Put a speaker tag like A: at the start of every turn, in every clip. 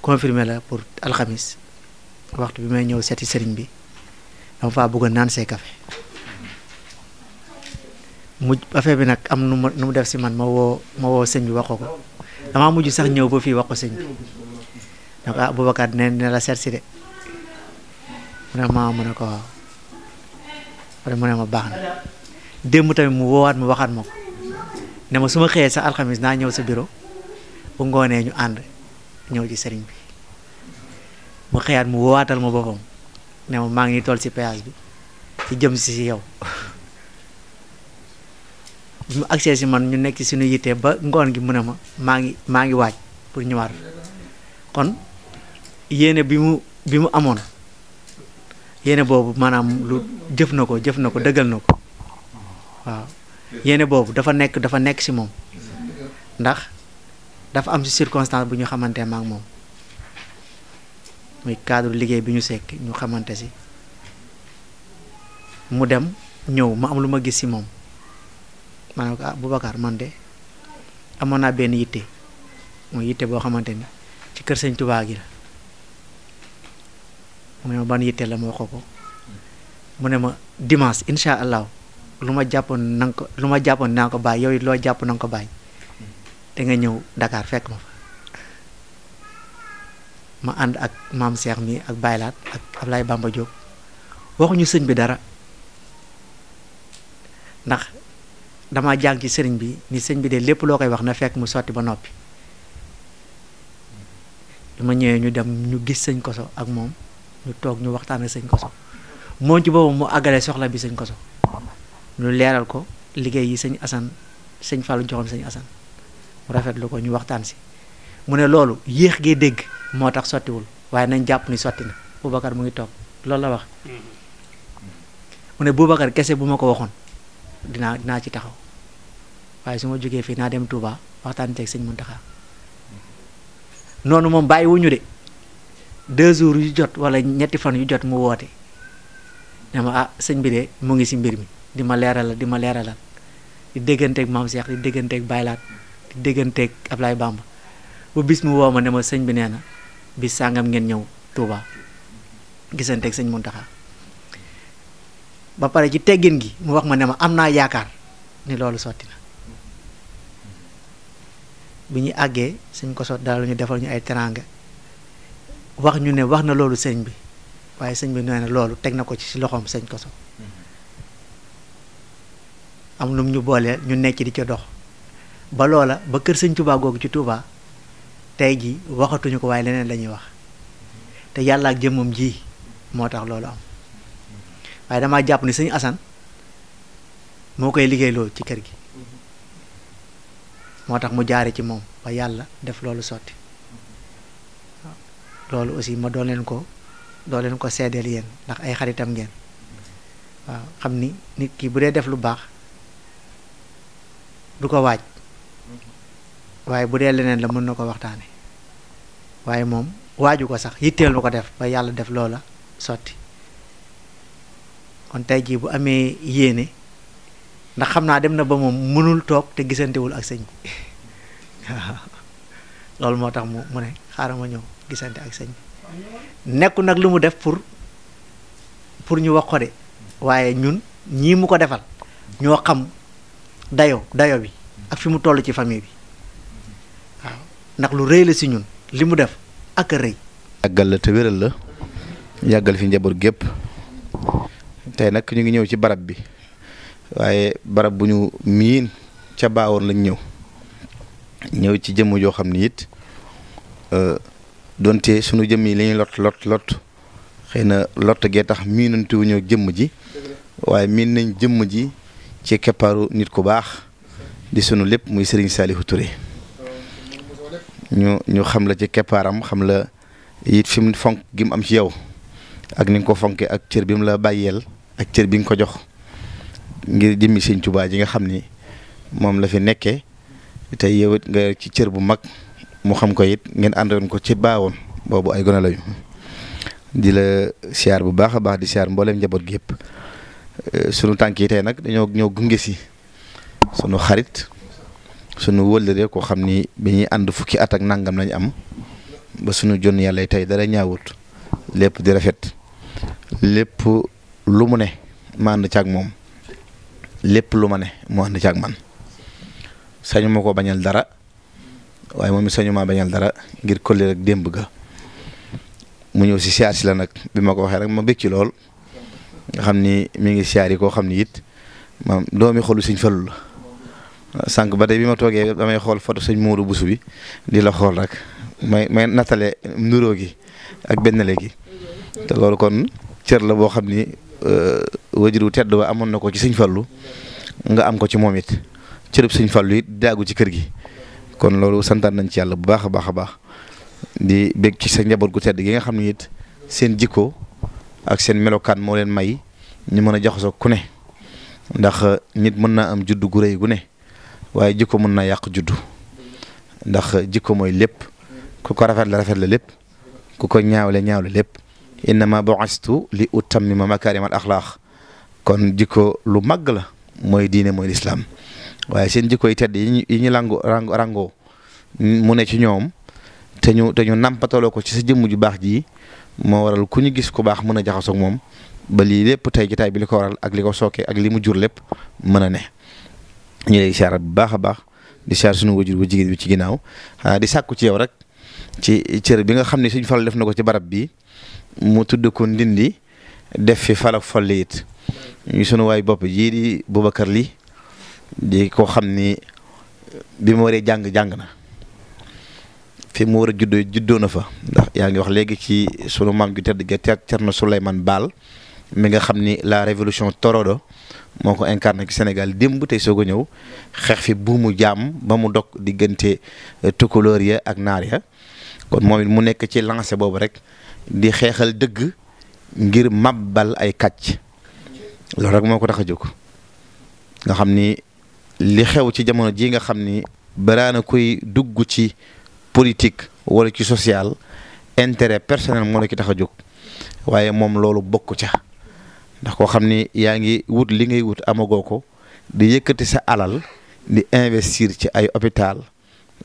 A: confirmé la pour alxamis waxtu bi may ñëw seti sëriñ bi dama faa bëgg a naan see café mujj affaire bi nag am nu mu def si man ma woo ma woo sëñ bi waxoo ko damaa mujj sax ñëw ba fii wax ko sëñ bi donc ah Boubacar dina la seet si de mu ne ma mu ne ko waaw pare mu ne ma baax na démb tamit mu woowaat mu waxaat ma ko ne ma su ma xëyee sa alxamis naa ñëw sa bureau bu ngoonee ñu ànd ñëw ci sëriñ bi mu xëyaat mu woowaatal ma boppam ne ma maa ngi toll si péage bi si jëm si si yow bi mu agsee si man ñu nekk suñu yittee ba ngoon gi mu ne ma maa ngi maa ngi waaj pour ñëwaat kon yéene bi mu bi mu amoon yéene boobu maanaam lu jëf na ko jëf na ko dëggal na ko waaw yéene boobu dafa nekk dafa nekk ci moom ndax dafa am ci circonstance bu ñu xamante ma ak moom muy cadre liggéey bi ñu sekk ñu xamante si mu dem ñëw ma am lu ma gis ci moom ma ne ko ah Boubacar man de amoon naa benn yitte mooy yitte boo xamante ni ci kër Sëñ Tuubaa gi mu ne ma ban yitte la ma waxoo ko mu ne ma dimanche incha allah lu ma jàppoon na ko lu ma jàppoon naa ko bàyyi yow it loo jàpp na ko bàyyi te nga ñëw dakaar fekk ma fa ma ànd ak maam Cheikh mi ak Baylaat ak Ablaye Bamba Diop waxuñu sëñ bi dara ndax dama jàng ci sëriñ bi ni sëñ bi de lépp loo koy wax na fekk mu sotti ba noppi bi ma ñëwee ñu dem ñu gis sëñ koso ak moom ñu toog ñu waxtaan ak sañ Koso moom ci boobu mu àggale soxla bi sëñ Koso ñu leeral ko liggéey yi sañ asan sëñ falu joxoon sëñ Assane mu rafetlu ko ñu waxtaan si mu ne loolu yéex gi dégg moo tax sottiwul waaye nañ jàpp ni sotti na Boubacar mu ngi toog loolu la wax mu ne Boubacar kese bu ma ko waxoon dinaa dinaa ci taxaw waaye su ma jógee fii naa dem Touba waxtaan ceeg sëñ Mountakha noonu moom bàyyiwuñu de. deux jours yu jot wala ñetti fan yu jot mu woote ne ma ah sëñ bi de mu ngi si mbir mi di ma leeralal di ma leeralal di dégganteeg maam Cheikh di dégganteeg Baylaat di dégganteeg Ablaye Bamba bu bis mu woo ma ne ma sëñ bi nee na bis sàngam ngeen ñëw Touba gisanteeg sëñ mun daxa ba pare ci teggin gi mu wax ma ne ma am naa yaakaar ni loolu sotti na bi ñu àggee suñ ko sot daal ñu defal ñu ay teraanga. wax ñu ne wax na loolu sëñ bi waaye sëñ bi nee na loolu teg na ko ci loxoom sëñ koso am lum ñu boole ñu nekk di ca dox ba loola ba kër sëñ Touba googu ci Touba tey ji waxatuñu ko waaye leneen lañuy wax te yàllaa ak jëmmam ji moo tax loolu am waaye damaa jàpp ni sëñ Assane moo koy liggéeyloo ci kër gi moo tax mu jaare ci moom ba yàlla def loolu sotti loolu aussi ma doon leen ko doo leen ko seedeel yéen ndax ay xaritam ngeen waaw xam ni nit kii bu dee def lu baax du ko waaj waaye bu dee leneen la mën na ko waxtaane waaye moom waaju ko sax yitteel na ko def ba yàlla def loola sotti kon tey jii bu amee yéene ndax xam naa dem na ba moom mënul toog te gisantewul ak sëñ loolu moo tax mu mu ne xaaral ma ñëw gisante ak sëñ bi nekku nag lu mu def pour pour ñu wax ko de waaye ñun ñii mu ko defal ñoo xam dayo dayo bi ak fi mu toll ci famille bi waaw ndax lu rëy la si ñun li mu def ak a rëy
B: yàggal la te la yàggal fi njaboot gépp tey nag ñu ngi ñëw ci barab bi waaye barab bu ñu miin ca baawoon lañ ñëw ñëw ci jëmm joo xam ni it euh, donte sunu jëmm yi li ñuy lot lot lot xëy na lot gee tax miinante wu jëmm ji waaye miin nañ jëmm ji ci keppaaru nit ku baax di sunu lépp muy Serigne Saliou Touré ñu ñu xam la ci keppaaram xam la it fi mu fonk gi am ci yow ak ni ko fonkee ak cër bi mu la bàyyeel ak cër bi nga ko jox ngir jëmmi Serigne Touba ji nga xam ni moom la fi nekkee tey yow it nga ci cër bu mag. mu xam ko it ngeen àndoon ko ci baawoon boobu ay gone lañu di la siyaar bu baax a baax di siyaar mbooleem njaboot gi yëpp euh, sunu tànk yi tey nag dañoo ñoo gunge si sunu xarit sunu wëllëre koo xam ni bi ñuy ànd fukki at ak nangam lañu am ba sunu jonn yàlla tey dara ñaawut lépp di rafet lépp lu mu ne ma ci ak moom lépp lu ne mu ànd ci ak man sañu ko bañal dara. waaye moom it maa bañal dara ngir kolli rek démb ga mu ñëw si siyaar si la nag bi ma ko waxee rek ma bëgg ci lool nga xam ni mi ngi siyaar yi koo xam ni it maam doomi xolu sëñ falu la sànq ba de bi ma toogee damay xool photo sëñ Modou Bousso bi di la xool rek may may nattale nduróo gi ak benn léegi te loolu kon cër la boo xam ni euh, wajuru tedd ba amoon na ko ci sëñ falu nga am ko ci moom it cërub sëñ Fallu it daagu ci kër gi kon loolu santaan nañ ci yàlla bu baax a baax a baax di bég ci sa njaboot gu tedd gi nga xam ne it seen jikko ak seen melokaan moo leen may ñu mën a jox jaxasoo ku ne ndax nit mën naa am judd gu rëy gu ne waaye jikko mën na yàq juddu ndax jikko mooy lépp ku ko rafet la rafet la lépp ku ko ñaawle ñaawle lépp innama bu'istu li utam ma makaarimal axlaaq kon jikko lu màgg la mooy diine mooy lislaam waaye seen jikko yi tedd yi ñu lango rango rango mu ne ci ñoom te ñu te nampataloo ko ci sa jëmm ju baax ji moo waral ku ñu gis ku baax mën a jaxasoo moom ba lii lépp tey jotaay bi li ko waral ak li ko sookee ak li mu jur lépp mën a ne. ñu lay siyaar bu baax a baax di siyaar suñu wajur bu jigéen bi ci ginnaaw ah, di sàkku ci yow rek ci cër bi nga xam ne suñ faral def na ko ci barab bi mu tudd ko ndindi def fi falak foll it sunu waay bopp jii di Boubacar lii di ko xam ni bi mu waree jàng jàng na fi mu war a juddoo juddoo na fa ndax yaa ngi wax léegi ci sunu maam ju tedd ga Cerno Souleymane Baal mi nga xam ni la révolution torodo moo ko incarné ci Sénégal démb tey soog a ñëw xeex fi buumu jaam ba mu dog diggante euh, tukulóor ya ak naar ya kon moom it mu nekk ci lancé boobu rek di xeexal dëgg ngir mabbal ay kàcc loolu rek moo ko tax a jóg nga xam ni li xew ci jamono ji nga xam ni baraana kuy dugg ci politique wala ci social intérêt personnel moo la ci tax a jóg waaye moom loolu bokk ca ndax koo xam ni yaa ngi wut li ngay wut amagoo ko di yëkkati sa alal di investir ci ay hôpital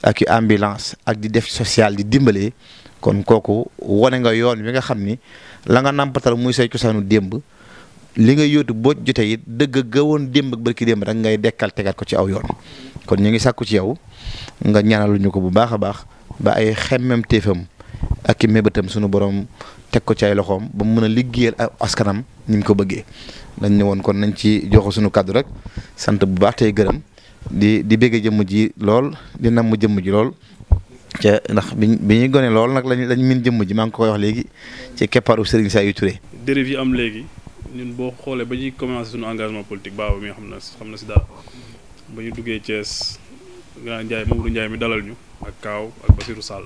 B: ak i ambulance ak di def social di dimbale kon kooku wane nga yoon wi nga xam ni la nga nàmpatal muy say cosaanu démb li nga yootu boo jotee it dëgg woon démb ak barki démb rek ngay dekkal tegaat ko ci aw yoon kon ñu ngi sàkku ci yow nga ñaanalu ñu ko bu baax a baax ba ay xemmem téefam ak i mébétam sunu borom teg ko ci ay loxoom ba mu mën a liggéeyal askanam ñu ngi ko bëggee dañ ne woon kon nañ ci joxe sunu kàddu rek sant bu baax tey gërëm di di bëgg jëmm ji lool di namm jëmm ji lool. ca ndax bi bi ñuy gone lool nag lañ lañ min jëmm ji maa ngi koy wax léegi ci keppaaru Serigne Saliou Touré.
C: yi am léegi. ñun boo xoolee ba ñuy commencé suñu engagement politique baaba mi nga xam ne xam na si dara ba ñu duggee Thiès grand Ndiaye Mamadou njaay mi dalal ñu ak Kaaw ak Basirou Sall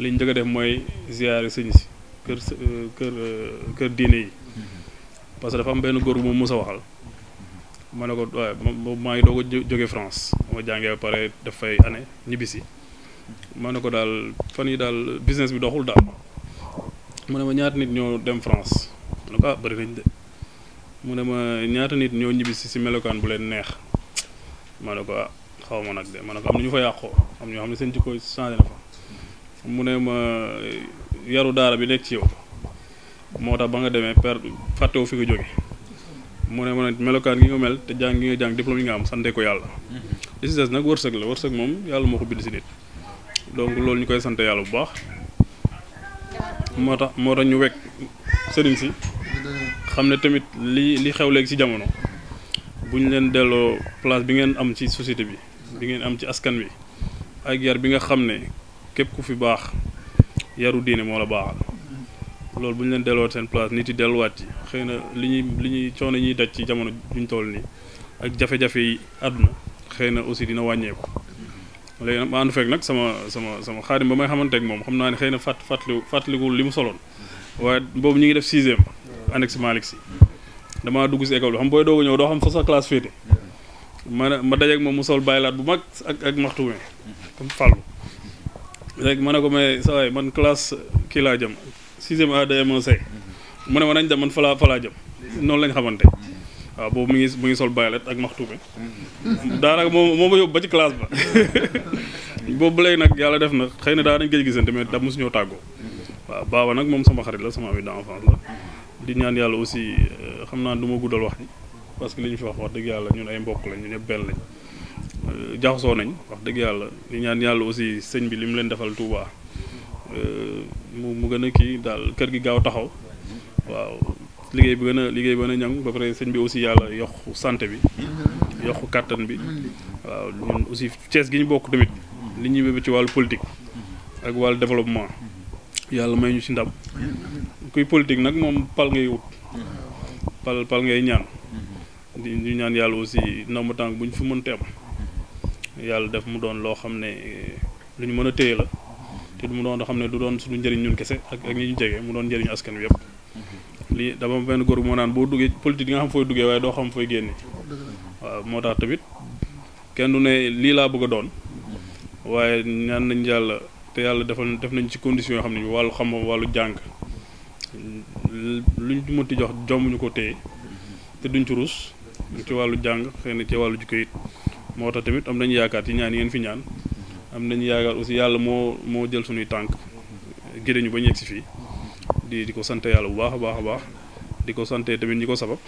C: li ñu njëkk def mooy ziare sëñ si kër euh, kër euh, kër diine yi parce que dafa am benn góor bu ma mës a waxal ma ne ko waaye maa ngi doo a jóge France ma jàngee ba pare daf fay année ñibbisi ma ne ko daal fan yi daal business bi doxul daal mu ne ma ñaata nit ñoo dem France ma ne ko ah mu ne ma ñaata nit ñoo ñibbisi si melokaan bu leen neex ma ne ko ah xaw ma nag de ma ne ko am na ñu fa yàqoo am ñoo xam ne seen jikko changé na fa mu ne ma yaru daara bi nekk ci yow moo tax ba nga demee per fàttewu fi nga jóge mu ne ma nag melokaan gi nga mel te jàng gi nga jàng diplôme yi nga am sante ko yàlla li si des nag wërsëg la wërsëg moom yàlla moo ko bind si nit donc loolu ñu koy sant yàlla bu baax moo tax moo tax ñu wekk sëriñ si xam ne tamit li li xew léegi ci jamono bu ñu leen delloo place bi ngeen am ci société bi bi ngeen am ci askan wi ak yar bi nga xam ne képp ku fi baax yaru diine moo la baaxal loolu bu ñu leen delloo seen place nit yi delluwaat ci xëy na li ñuy li ñuy coono ñuy daj ci jamono juñ toll nii ak jafe-jafe yi àdduna xëy na aussi dina wàññeeku léegi nag ma ànd fekk nag sama sama sama xaadim ba may xamante ak moom xam naa ne xëy na fàtt fàttaliwul li mu soloon waaye boobu ñu ngi def sixième annexe Malick Sy damaa dugg si école bi xam booy doogu ñëw doo xam fa sa classe féete ma ma dajeeg moom mu sol bàyyilaat bu mag ak ak maxtume comme fàllu rek ma ne ko mais sa man classe kii laa jëm sixième A DMC mu ne ma nañ dem man fa laa jëm noonu lañ xamante waaw boobu mu ngi sol bàyyilaat ak maxtume daanaka moom moo ma yóbbu ba ci classe ba boobu léegi nag yàlla def na xëy na daa nañ gëj gisante mais su mosuñoo tàggoo waaw baaba nag moom sama xarit la sama ami d'enfance la di ñaan yàlla aussi euh, xam naa du ma guddal wax ji parce que li ñu fi wax wax dëgg yàlla ñun ay mbokk lañ ñun ñëpp benn lañ euh, jaxasoo nañ wax dëgg yàlla di ñaan yàlla aussi sëñ bi li mu leen defal Touba euh, mu mu gën a kii daal kër gi gaaw taxaw waaw liggéey bi gën a liggéey bi gën a ñaŋ ba pare sëñ bi aussi yàlla yokk santé bi yokk kàttan bi waaw ñun aussi Thiès gi ñu bokk tamit li ñuy bébé ci wàllu politique ak wàllu développement yàlla may ñu si ndam kuy politique nag moom pal ngay wut pal pal ngay ñaan di ñu ñaan yàlla aussi ndomb tànk bu ñu fi mënte am yàlla def mu doon loo xam ne lu ñu mën a téye la te mu doon loo xam ne du doon suñu njëriñ ñun kese ak ak ñi ñu jege mu doon njëriñu askan wi yëpp lii dama benn góor moo naan boo duggee politique di nga xam fooy duggee waaye doo xam fooy génne waaw moo tax tamit kenn du ne lii laa bëgg a doon waaye ñaan nañ yàlla te yàlla defal def nañ ci condition yoo xam ne wàllu xam-xam wàllu jàng luñ mënti jox jomb ñu ko téye te duñ ci ruus ci wàllu jàng xëy na ci wàllu jikko it moo tax tamit am nañu yaakaar ci ñaan yi ngeen fi ñaan am nañu yaakaar aussi yàlla moo moo jël suñuy tànk gëré ñu ba ñegg si fii di di ko sant yàlla bu baax a baax a baax di ko sante tamit ñi ko sabab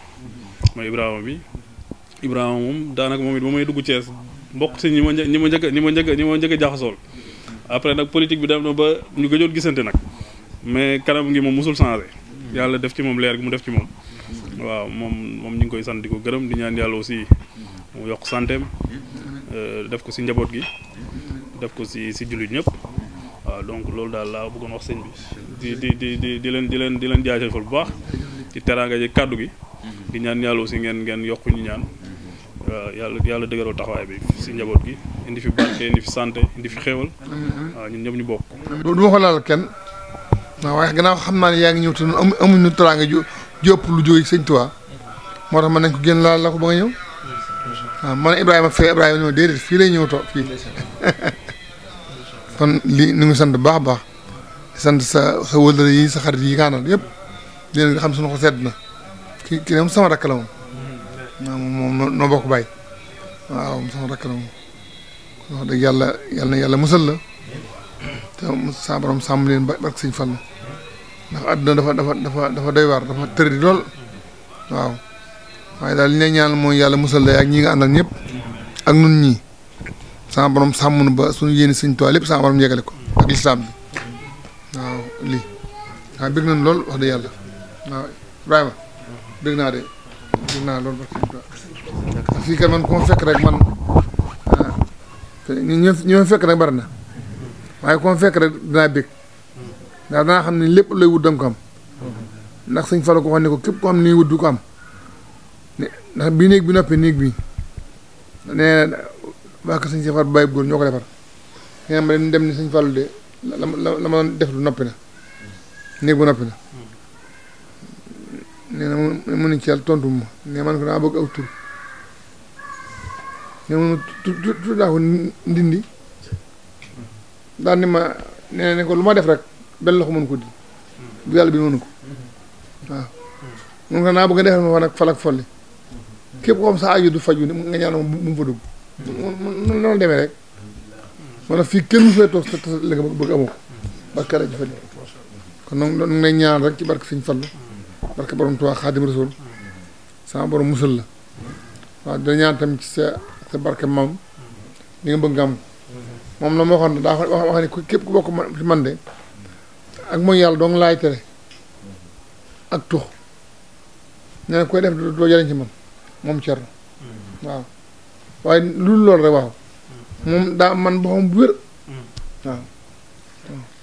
C: mooy Ibrahima bi Ibrahima moom daanaka moom it ba may dugg Thiès mbokk si ñi ma ñi ma njëkk ñi ma njëkk ñi après nag politique bi dem na ba ñu gëjoon gisante nag mais kanam ngi moom mosul changé yàlla def ci moom leer gi mu def ci moom waaw moom moom ñu ngi koy sant ko gërëm di ñaan yàlla aussi mu yokk santeem euh, def ko si njaboot gi def ko si si jullit ñëpp waaw donc loolu daal laa bëggoon wax sëñ bi di di di di di leen di leen di leen jaajëfal bu baax ci teraanga ji kàddu gi di ñaan yàlla aussi ngeen ngeen yokk ñu ñaan waaw yàlla yàlla dëgëral taxawaay bi si njaboot gi indi fi barke indi fi santé indi fi xéewal waaw ñun ñëpp ñu bokk. du ma ko laal
D: kenn waaye xam naa ne yaa ngi ñëw te amuñu teraanga ju jëpp lu jógee sëñ Tuubaa moo tax mën nañ ko génn laal la ko ba nga ñëw waaw man Ibrahima fee Ibrahima ñëw déedéet fii lay ñëw toog fii kon lii ñu ngi sant bu baax a baax sant sa sa wëllëre yi sa xarit yi kaanal yépp léegi nga xam suñu ko sedd na ki ki moom sama rakk la moom. Mm-hmm. moom noo bokk bàyyi waaw sama rakk la moom. wax dëgg yàlla yàlla na yàlla musal la te sàmm leen ba barke sëñ Fall ndax àdduna dafa dafa dafa dafa doy waar dafa tëradi lool waaw waaye daal li ne ñaan mooy yàlla musal la ak ñi nga àndal ñëpp ak nun ñii saa borom sàmm nu ba suñu yéene sëñ Tuubaa lépp saa borom yegale ko ak lislaam bi waaw lii waaw bëgg nañ lool wax dëgg yàlla waaw Ibrahima bëgg naa de naa lool barke sëñ fii kat man ku fekk rek man te ñu fekk nag bari na waaye comme fekk rek dinaa bég ndax danaa xam ne lépp looy wut danga ko am ndax sëñ Fallou ko wax ne ko képp ko xam ne wut du ko am ndax bii néeg bi noppee néeg bi na waa sëñ si far góor ñoo ko defar dem sëñ Fallou de la la def lu noppi na néeg bu noppi na nee na mu ci yàlla tontu ma nee ko daa bëgg aw tur ne ma tudd ni ma nee ko lu ma def rek benn loxo mën ko di bu yàlla bi mënu ko waaw mun naa bëgg a defal ma fa nag falak folli képp ko sa aju du faju nga ñaanal bu mu fa dugg mun noonu demee rek moo tax fii kenn mu fee toog sa tas la nga bëgg amoo ko barka rajo fa kon noonu noonu ñaan rek ci barke Sëñ Fallu barke borom Tuubaa Xaadim Rasuul sama borom musal la waaw da ñaan tam ci sa sa barke maam li nga bëgg nga am moom la ma waxoon daa wax wax ne képp ku bokk ci man de ak mooy yàlla dong laay tere ak tux nee koy def doo jariñ ci man moom cer waaw waaye lu loolu rek waaw moom daa man boppam bu wér waaw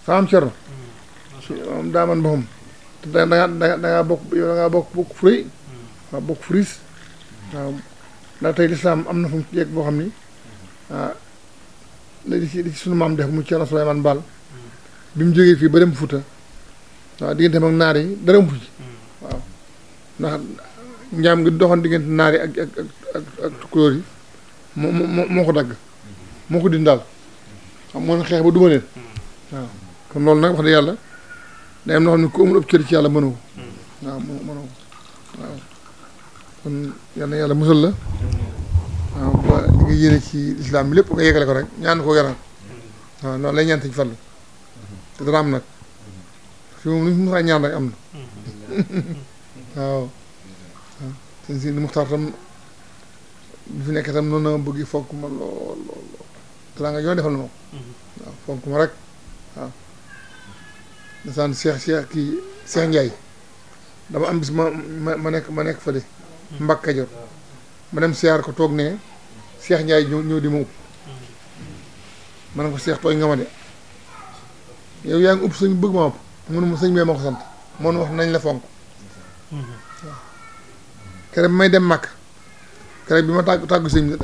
D: saa am cer moom daa man boppam te da bokk bokk bokk waaw bokk furis ndax tey lislaam am na fu mu ci yegg boo xam ni mhm. ah li ci mu Ceerno Souleymane Baal bi mu jógee fii ba dem Fuuta waaw diggante ak naar yi dara mu ci mhm. waaw ndax njaam ngi doxoon diggante naar yi ak ak ak ak tukulóor yi moo moo moo ko dagg mhm. moo ko dindaal xam moon xeex ba duma leen waaw kon loolu nag wax dëgg yàlla day am na xam ne ku ëpp cër ci yàlla mënoo waaw mënoo waaw yal na yàlla musal la waaw li nga yéene ci islam bi lépp nga yegale ko rek ñaan ko yaram waaw noonu lay ñaan ci fallu te dana am nag fi mu mën tam bi fi nekk itam noonu na bëgg fonk ma lool lool nga yoon defal na ma mm-hmm. fonk ma rek waaw da saan kii Cheikh Ndiaye dama am bis ma ma nekk ma nekk Mbàkke Kajoor ma dem siyaar ko toog ne Cheikh Ndiaye ñëw ñëw di ma upp ma ne ko Cheikh tooñ nga ma de yow yaa ngi upp sëñ bëgg ma upp mënu ma sëñ bee ma ko sant moom nañ la fonk kere bi may dem màkk kere bi ma tàgg tàggu sëñ bi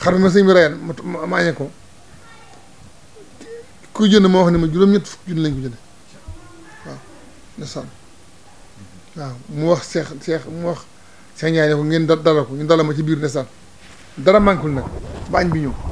D: xar bi ma sëñ bi reyan ma ma ko kuy jënd moo wax ne ma juróom-ñett fukk junni lañ ko jënd waaw mu wax seex seex mu wax seex ñaay ne ko ngeen dalal ko ñu dalal ma ci biir ndeysaan dara mànkul nag ba añ bi ñëw